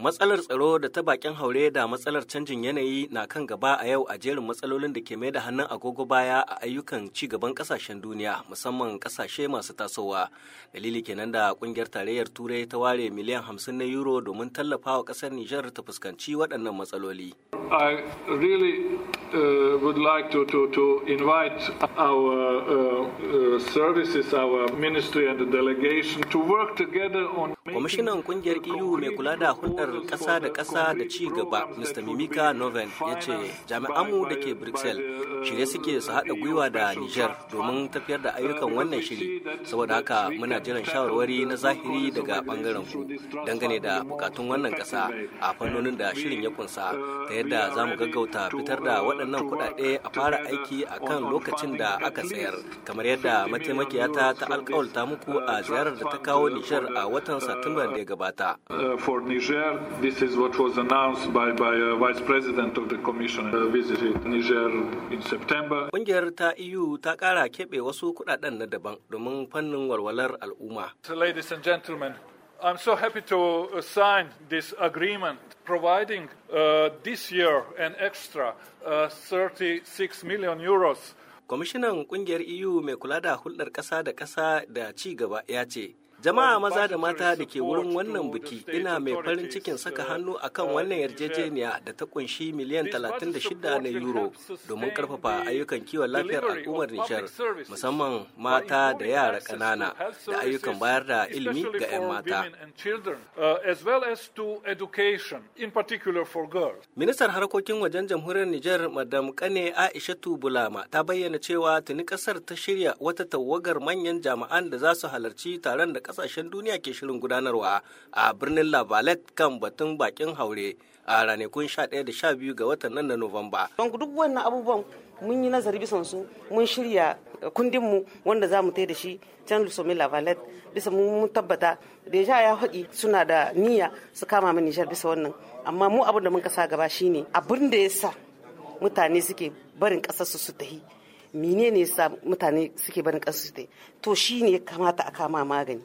matsalar tsaro da ta bakin haure da matsalar canjin yanayi na kan gaba a yau a jerin matsalolin da ke mai da hannun agogo baya a ayyukan ci gaban kasashen duniya musamman kasashe masu tasowa dalili kenan da kungiyar tarayyar turai ta ware miliyan hamsin na euro domin tallafa wa kasar nijar ta fuskanci waɗannan matsaloli I really uh, would like to, uh, uh, delegation to together on Kwamishinan kungiyar EU mai kula da hulɗar hulɗar ƙasa da ƙasa da ci gaba mr mimika novel ya ce jami'anmu da ke bruxelles shirye suke su haɗa gwiwa da niger domin tafiyar da ayyukan wannan shiri saboda haka muna jiran shawarwari na zahiri daga ɓangaren ku dangane da bukatun wannan ƙasa a fannonin da shirin ya kunsa ta yadda za mu gaggauta fitar da waɗannan kuɗaɗe a fara aiki a kan lokacin da aka tsayar kamar yadda mataimakiyata ta alkawalta muku a ziyarar da ta kawo niger a watan satumbar da ya gabata. Uh, for Niger Commission. This is what was announced by, by uh, Vice President of the Commission uh, visited Niger in September. Ƙungiyar ta EU ta ƙara keɓe wasu kuɗaɗen na daban domin fannin walwalar al'umma. Ladies and gentlemen, I'm so happy to uh, sign this agreement providing uh, this year an extra uh, 36 million euros. Kwamishinan ƙungiyar EU mai kula da hulɗar ƙasa da ƙasa da ci gaba ya ce, jama'a maza da mata da ke wurin wannan biki ina mai farin cikin saka hannu a kan wannan yarjejeniya da ta kunshi miliyan 36 na euro domin karfafa ayyukan kiwon lafiyar al'ummar nijar musamman mata da yara kanana da ayyukan bayar da ilimi ga 'yan mata uh, ministar harkokin wajen jamhuriyar nijar madam kane aisha bulama ta bayyana cewa tuni kasar ta shirya wata tawagar manyan jama'an da za su halarci taron da kasashen duniya ke shirin gudanarwa a birnin labalet kan batun bakin haure a ranakun 11 da 12 ga watan nan na nuwamba duk wannan abubuwan mun yi nazari bisan su mun shirya kundinmu wanda za mu da shi can lusomi lavalet bisa mun tabbata deja ya haɗi suna da niyya su kama mini nijar bisa wannan amma mu abin da mun kasa gaba shine abin da ya sa mutane suke barin ƙasar su su tahi menene sa mutane suke barin ƙasar su tahi to shine ya kamata a kama magani